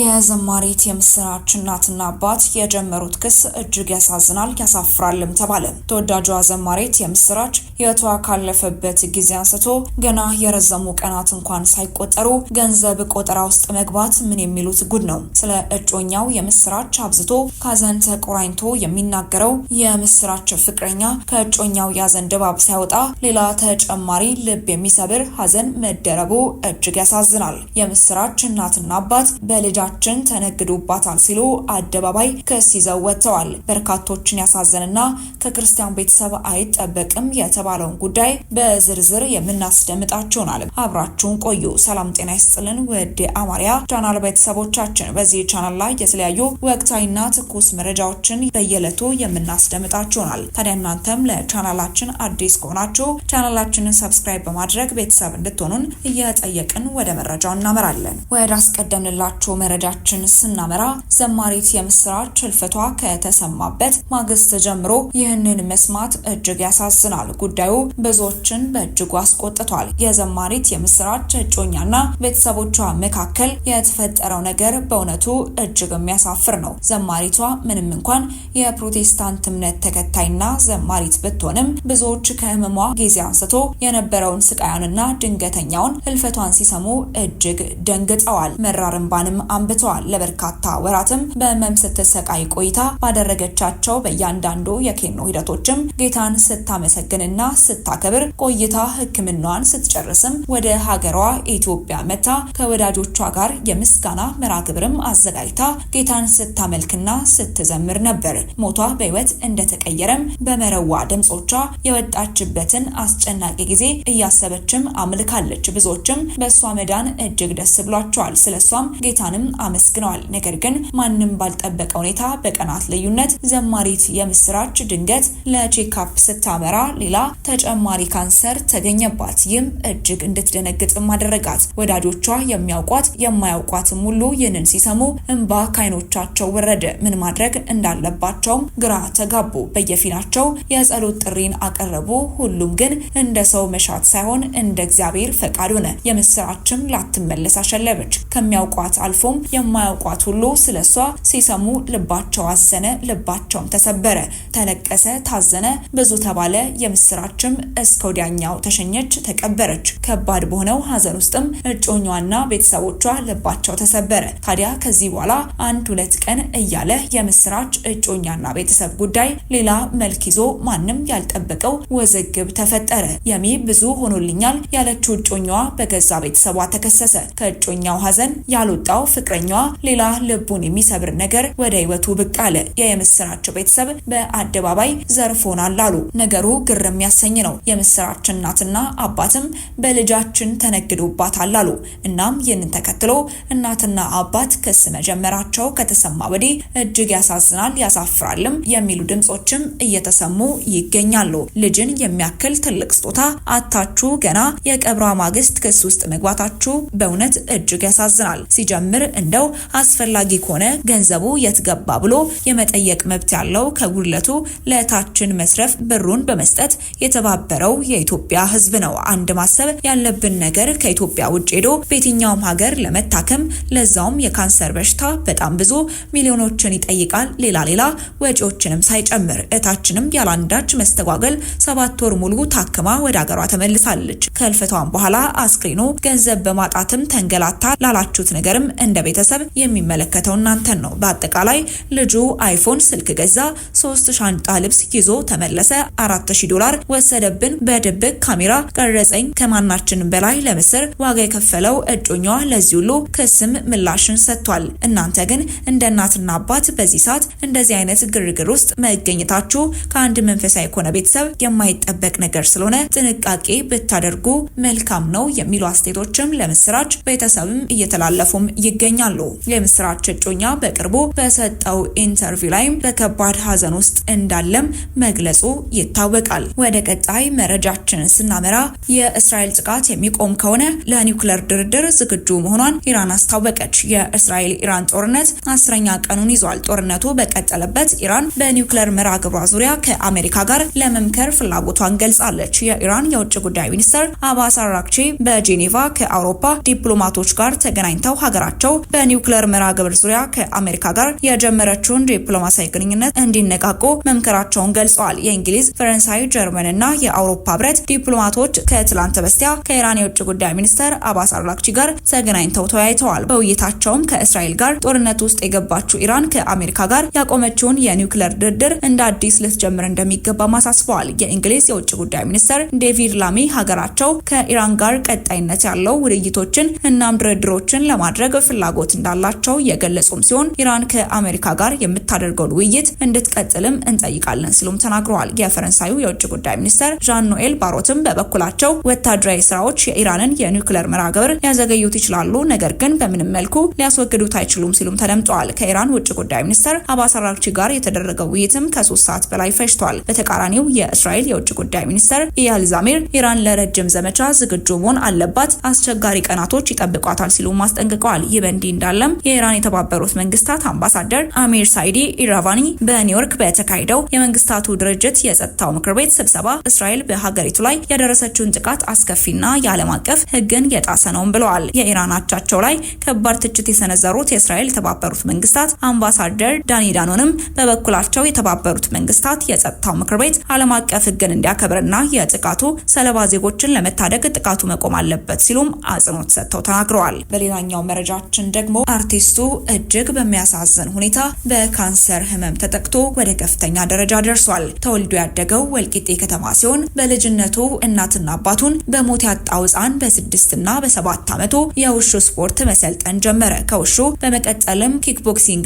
የዘማሪት የምስራች እናትና አባት የጀመሩት ክስ እጅግ ያሳዝናል ያሳፍራልም ተባለ። ተወዳጇ ዘማሪት የምስራች ህይወቷ ካለፈበት ጊዜ አንስቶ ገና የረዘሙ ቀናት እንኳን ሳይቆጠሩ ገንዘብ ቆጠራ ውስጥ መግባት ምን የሚሉት ጉድ ነው። ስለ እጮኛው የምስራች አብዝቶ ከሀዘን ተቆራኝቶ የሚናገረው የምስራች ፍቅረኛ ከእጮኛው የሀዘን ድባብ ሳይወጣ ሌላ ተጨማሪ ልብ የሚሰብር ሀዘን መደረቡ እጅግ ያሳዝናል። የምስራች እናትና አባት በልጅ ልጃችን ተነግዶባታል ሲሉ አደባባይ ክስ ይዘው ወጥተዋል። በርካቶችን ያሳዘንና ከክርስቲያን ቤተሰብ አይጠበቅም የተባለውን ጉዳይ በዝርዝር የምናስደምጣችሁናል። አብራችሁን ቆዩ። ሰላም ጤና ይስጥልን። ወደ አማርያ ቻናል ቤተሰቦቻችን በዚህ ቻናል ላይ የተለያዩ ወቅታዊና ትኩስ መረጃዎችን በየዕለቱ የምናስደምጣችሁናል። ታዲያ እናንተም ለቻናላችን አዲስ ከሆናችሁ ቻናላችንን ሰብስክራይብ በማድረግ ቤተሰብ እንድትሆኑን እየጠየቅን ወደ መረጃው እናመራለን። ወደ አስቀደምንላችሁ መረጃችን ስናመራ ዘማሪት የምስራች ህልፈቷ ከተሰማበት ማግስት ጀምሮ ይህንን መስማት እጅግ ያሳዝናል። ጉዳዩ ብዙዎችን በእጅጉ አስቆጥቷል። የዘማሪት የምስራች እጮኛና ቤተሰቦቿ መካከል የተፈጠረው ነገር በእውነቱ እጅግ የሚያሳፍር ነው። ዘማሪቷ ምንም እንኳን የፕሮቴስታንት እምነት ተከታይና ዘማሪት ብትሆንም ብዙዎች ከህመሟ ጊዜ አንስቶ የነበረውን ስቃያንና ድንገተኛውን ህልፈቷን ሲሰሙ እጅግ ደንግጠዋል። መራር እንባንም አንብተዋል። ለበርካታ ወራትም በህመም ስትሰቃይ ቆይታ ባደረገቻቸው በእያንዳንዱ የኬኖ ሂደቶችም ጌታን ስታመሰግንና ስታከብር ቆይታ ህክምናዋን ስትጨርስም ወደ ሀገሯ ኢትዮጵያ መታ ከወዳጆቿ ጋር የምስጋና መርሃ ግብርም አዘጋጅታ ጌታን ስታመልክና ስትዘምር ነበር። ሞቷ በህይወት እንደተቀየረም በመረዋ ድምጾቿ የወጣችበትን አስጨናቂ ጊዜ እያሰበችም አምልካለች። ብዙዎችም በእሷ መዳን እጅግ ደስ ብሏቸዋል። ስለሷም ጌታንም በመሆኑም አመስግነዋል። ነገር ግን ማንም ባልጠበቀ ሁኔታ በቀናት ልዩነት ዘማሪት የምስራች ድንገት ለቼካፕ ስታመራ ሌላ ተጨማሪ ካንሰር ተገኘባት። ይህም እጅግ እንድትደነግጥም አደረጋት። ወዳጆቿ የሚያውቋት የማያውቋትም ሁሉ ይህንን ሲሰሙ እንባ ከአይኖቻቸው ወረደ። ምን ማድረግ እንዳለባቸውም ግራ ተጋቡ። በየፊናቸው የጸሎት ጥሪን አቀረቡ። ሁሉም ግን እንደ ሰው መሻት ሳይሆን እንደ እግዚአብሔር ፈቃድ ሆነ። የምስራችም ላትመለስ አሸለበች። ከሚያውቋት አልፎም ምክንያቱም የማያውቋት ሁሉ ስለ እሷ ሲሰሙ ልባቸው አዘነ፣ ልባቸውም ተሰበረ። ተለቀሰ፣ ታዘነ፣ ብዙ ተባለ። የምስራችም እስከ ወዲያኛው ተሸኘች፣ ተቀበረች። ከባድ በሆነው ሀዘን ውስጥም እጮኛዋና ቤተሰቦቿ ልባቸው ተሰበረ። ታዲያ ከዚህ በኋላ አንድ ሁለት ቀን እያለ የምስራች እጮኛና ቤተሰብ ጉዳይ ሌላ መልክ ይዞ ማንም ያልጠበቀው ውዝግብ ተፈጠረ። የሚ ብዙ ሆኖልኛል ያለችው እጮኛዋ በገዛ ቤተሰቧ ተከሰሰ። ከእጮኛው ሀዘን ያልወጣው ፍቅረኛዋ ሌላ ልቡን የሚሰብር ነገር ወደ ህይወቱ ብቅ አለ። የምስራቸው ቤተሰብ በአደባባይ ዘርፎናል አሉ። ነገሩ ግር የሚያሰኝ ነው። የምስራችን እናትና አባትም በልጃችን ተነግዶባታል አሉ። እናም ይህንን ተከትሎ እናትና አባት ክስ መጀመራቸው ከተሰማ ወዲህ እጅግ ያሳዝናል፣ ያሳፍራልም የሚሉ ድምጾችም እየተሰሙ ይገኛሉ። ልጅን የሚያክል ትልቅ ስጦታ አታችሁ ገና የቀብሯ ማግስት ክስ ውስጥ መግባታችሁ በእውነት እጅግ ያሳዝናል። ሲጀምር እንደው አስፈላጊ ከሆነ ገንዘቡ የትገባ ብሎ የመጠየቅ መብት ያለው ከጉድለቱ ለታችን መስረፍ ብሩን በመስጠት የተባበረው የኢትዮጵያ ህዝብ ነው። አንድ ማሰብ ያለብን ነገር ከኢትዮጵያ ውጭ ሄዶ በየትኛውም ሀገር ለመታከም ለዛውም የካንሰር በሽታ በጣም ብዙ ሚሊዮኖችን ይጠይቃል። ሌላ ሌላ ወጪዎችንም ሳይጨምር እታችንም ያላንዳች መስተጓገል ሰባት ወር ሙሉ ታክማ ወደ ሀገሯ ተመልሳለች። ከህልፈቷም በኋላ አስክሬኑ ገንዘብ በማጣትም ተንገላታ ላላችሁት ነገርም እንደ እንደ ቤተሰብ የሚመለከተው እናንተን ነው። በአጠቃላይ ልጁ አይፎን ስልክ ገዛ፣ ሶስት ሻንጣ ልብስ ይዞ ተመለሰ፣ አራት ሺ ዶላር ወሰደብን፣ በድብቅ ካሜራ ቀረጸኝ። ከማናችንም በላይ ለምስር ዋጋ የከፈለው እጮኛዋ ለዚህ ሁሉ ክስም ምላሽን ሰጥቷል። እናንተ ግን እንደ እናትና አባት በዚህ ሰዓት እንደዚህ አይነት ግርግር ውስጥ መገኘታችሁ ከአንድ መንፈሳዊ ከሆነ ቤተሰብ የማይጠበቅ ነገር ስለሆነ ጥንቃቄ ብታደርጉ መልካም ነው የሚሉ አስተያየቶችም ለምስራች ቤተሰብም እየተላለፉም ይገኛል። ይገኛሉ። የምስራች እጮኛ በቅርቡ በሰጠው ኢንተርቪው ላይም በከባድ ሀዘን ውስጥ እንዳለም መግለጹ ይታወቃል። ወደ ቀጣይ መረጃችን ስናመራ የእስራኤል ጥቃት የሚቆም ከሆነ ለኒውክለር ድርድር ዝግጁ መሆኗን ኢራን አስታወቀች። የእስራኤል ኢራን ጦርነት አስረኛ ቀኑን ይዟል። ጦርነቱ በቀጠለበት ኢራን በኒውክለር መርሃ ግብሯ ዙሪያ ከአሜሪካ ጋር ለመምከር ፍላጎቷን ገልጻለች። የኢራን የውጭ ጉዳይ ሚኒስትር አባስ አራክቺ በጄኔቫ ከአውሮፓ ዲፕሎማቶች ጋር ተገናኝተው ሀገራቸው በኒውክሌር መርሃ ግብር ዙሪያ ከአሜሪካ ጋር የጀመረችውን ዲፕሎማሲያዊ ግንኙነት እንዲነቃቁ መምከራቸውን ገልጸዋል። የእንግሊዝ፣ ፈረንሳይ፣ ጀርመን እና የአውሮፓ ህብረት ዲፕሎማቶች ከትላንት በስቲያ ከኢራን የውጭ ጉዳይ ሚኒስተር አባስ አርላክቺ ጋር ተገናኝተው ተወያይተዋል። በውይይታቸውም ከእስራኤል ጋር ጦርነት ውስጥ የገባችው ኢራን ከአሜሪካ ጋር ያቆመችውን የኒውክሌር ድርድር እንደ አዲስ ልትጀምር እንደሚገባ ማሳስበዋል። የእንግሊዝ የውጭ ጉዳይ ሚኒስተር ዴቪድ ላሚ ሀገራቸው ከኢራን ጋር ቀጣይነት ያለው ውይይቶችን እናም ድርድሮችን ለማድረግ ፍላ ፍላጎት እንዳላቸው የገለጹም ሲሆን ኢራን ከአሜሪካ ጋር የምታደርገውን ውይይት እንድትቀጥልም እንጠይቃለን ሲሉም ተናግረዋል። የፈረንሳዩ የውጭ ጉዳይ ሚኒስተር ዣን ኖኤል ባሮትም በበኩላቸው ወታደራዊ ስራዎች የኢራንን የኒውክሌር መርሃ ግብር ሊያዘገዩት ይችላሉ፣ ነገር ግን በምንም መልኩ ሊያስወግዱት አይችሉም ሲሉም ተደምጠዋል። ከኢራን ውጭ ጉዳይ ሚኒስተር አባስ አራግቺ ጋር የተደረገው ውይይትም ከሶስት ሰዓት በላይ ፈጅቷል። በተቃራኒው የእስራኤል የውጭ ጉዳይ ሚኒስተር ኢያል ዛሚር ኢራን ለረጅም ዘመቻ ዝግጁ መሆን አለባት፣ አስቸጋሪ ቀናቶች ይጠብቋታል ሲሉም አስጠንቅቀዋል። ይህ በእንዲህ እንዳለም የኢራን የተባበሩት መንግስታት አምባሳደር አሚር ሳይዲ ኢራቫኒ በኒውዮርክ በተካሄደው የመንግስታቱ ድርጅት የጸጥታው ምክር ቤት ስብሰባ እስራኤል በሀገሪቱ ላይ ያደረሰችውን ጥቃት አስከፊና የዓለም አቀፍ ህግን የጣሰ ነውም ብለዋል። የኢራን አቻቸው ላይ ከባድ ትችት የሰነዘሩት የእስራኤል የተባበሩት መንግስታት አምባሳደር ዳኒ ዳኖንም በበኩላቸው የተባበሩት መንግስታት የጸጥታው ምክር ቤት ዓለም አቀፍ ህግን እንዲያከብርና የጥቃቱ ሰለባ ዜጎችን ለመታደግ ጥቃቱ መቆም አለበት ሲሉም አጽንኦት ሰጥተው ተናግረዋል። በሌላኛው መረጃችን ደግሞ አርቲስቱ እጅግ በሚያሳዝን ሁኔታ በካንሰር ህመም ተጠቅቶ ወደ ከፍተኛ ደረጃ ደርሷል። ተወልዶ ያደገው ወልቂጤ ከተማ ሲሆን በልጅነቱ እናትና አባቱን በሞት ያጣው ህፃን በስድስትና በሰባት ዓመቱ የውሹ ስፖርት መሰልጠን ጀመረ። ከውሹ በመቀጠልም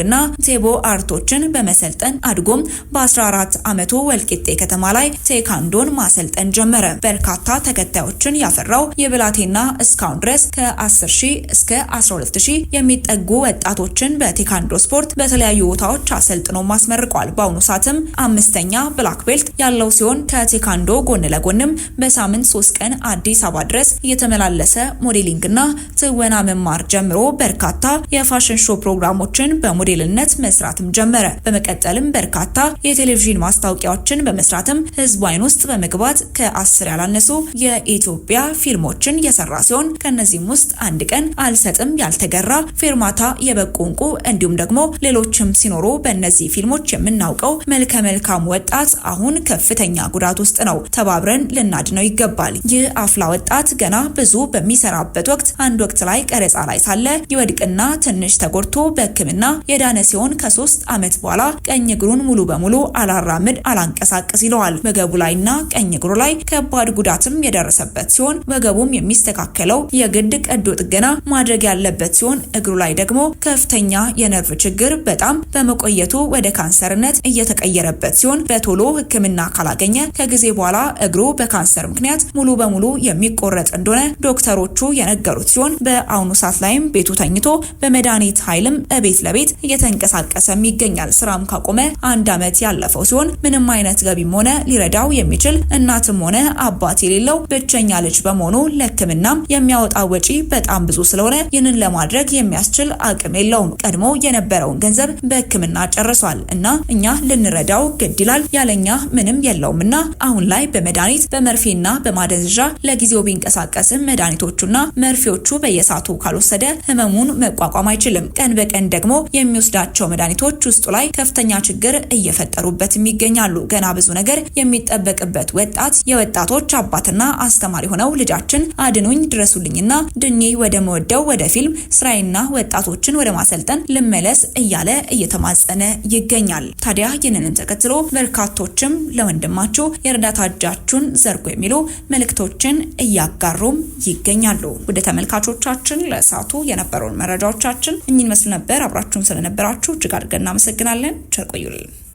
እና ቴቦ አርቶችን በመሰልጠን አድጎም በ14 ዓመቱ ወልቂጤ ከተማ ላይ ቴካንዶን ማሰልጠን ጀመረ። በርካታ ተከታዮችን ያፈራው የብላቴና እስካሁን ድረስ ከ10 ሺህ እስከ 12 ሺህ የሚጠጉ ወጣቶችን በቴካንዶ ስፖርት በተለያዩ ቦታዎች አሰልጥኖ ማስመርቋል። በአሁኑ ሰዓትም አምስተኛ ብላክ ቤልት ያለው ሲሆን ከቴካንዶ ጎን ለጎንም በሳምንት ሶስት ቀን አዲስ አበባ ድረስ እየተመላለሰ ሞዴሊንግና ና ትወና መማር ጀምሮ በርካታ የፋሽን ሾው ፕሮግራሞችን በሞዴልነት መስራትም ጀመረ። በመቀጠልም በርካታ የቴሌቪዥን ማስታወቂያዎችን በመስራትም ህዝብ አይን ውስጥ በመግባት ከአስር ያላነሱ የኢትዮጵያ ፊልሞችን የሰራ ሲሆን ከነዚህም ውስጥ አንድ ቀን አልሰጥም፣ ያልተገራ፣ ፌርማታ፣ የበቆ እንቁ እንዲሁም ደግሞ ሌሎችም ሲኖሩ በእነዚህ ፊልሞች የምናውቀው መልከ መልካም ወጣት አሁን ከፍተኛ ጉዳት ውስጥ ነው። ተባብረን ልናድነው ይገባል። ይህ አፍላ ወጣት ገና ብዙ በሚሰራበት ወቅት አንድ ወቅት ላይ ቀረጻ ላይ ሳለ ይወድቅና ትንሽ ተጎድቶ በሕክምና የዳነ ሲሆን ከሶስት ዓመት በኋላ ቀኝ እግሩን ሙሉ በሙሉ አላራምድ አላንቀሳቅስ ይለዋል። ወገቡ ላይና ቀኝ እግሩ ላይ ከባድ ጉዳትም የደረሰበት ሲሆን ወገቡም የሚስተካከለው የግድ ቀዶ ጥገና ማድረግ ያለበት ሲሆን እግሩ ላይ ደግሞ ከፍተኛ የነርቭ ችግር በጣም በመቆየቱ ወደ ካንሰርነት እየተቀየረበት ሲሆን በቶሎ ሕክምና ካላገኘ ከጊዜ በኋላ እግሩ በካንሰር ምክንያት ሙሉ በሙሉ የሚቆረጥ እንደሆነ ዶክተሮቹ የነገሩ የተናገሩት ሲሆን በአሁኑ ሰዓት ላይም ቤቱ ተኝቶ በመድኃኒት ኃይልም እቤት ለቤት እየተንቀሳቀሰም ይገኛል። ስራም ካቆመ አንድ አመት ያለፈው ሲሆን ምንም አይነት ገቢም ሆነ ሊረዳው የሚችል እናትም ሆነ አባት የሌለው ብቸኛ ልጅ በመሆኑ ለህክምናም የሚያወጣ ወጪ በጣም ብዙ ስለሆነ ይህንን ለማድረግ የሚያስችል አቅም የለውም። ቀድሞ የነበረውን ገንዘብ በህክምና ጨርሷል እና እኛ ልንረዳው ግድ ይላል። ያለኛ ምንም የለውም እና አሁን ላይ በመድኃኒት በመርፌና በማደንዘዣ ለጊዜው ቢንቀሳቀስም መድኃኒቶቹና መርፌ ከመርፌዎቹ በየሰዓቱ ካልወሰደ ህመሙን መቋቋም አይችልም። ቀን በቀን ደግሞ የሚወስዳቸው መድኃኒቶች ውስጡ ላይ ከፍተኛ ችግር እየፈጠሩበትም ይገኛሉ። ገና ብዙ ነገር የሚጠበቅበት ወጣት የወጣቶች አባትና አስተማሪ ሆነው ልጃችን አድኑኝ ድረሱልኝና ድኜ ወደ መወደው ወደ ፊልም ስራይና ወጣቶችን ወደ ማሰልጠን ልመለስ እያለ እየተማጸነ ይገኛል። ታዲያ ይህንንም ተከትሎ በርካቶችም ለወንድማችሁ የእርዳታ እጃችሁን ዘርጉ የሚሉ መልእክቶችን እያጋሩም ይገኛሉ። ተመልካቾቻችን ለእሳቱ የነበረውን መረጃዎቻችን እኚህን መስል ነበር። አብራችሁን ስለነበራችሁ እጅግ አድርገን እናመሰግናለን። ቸር ቆዩልን።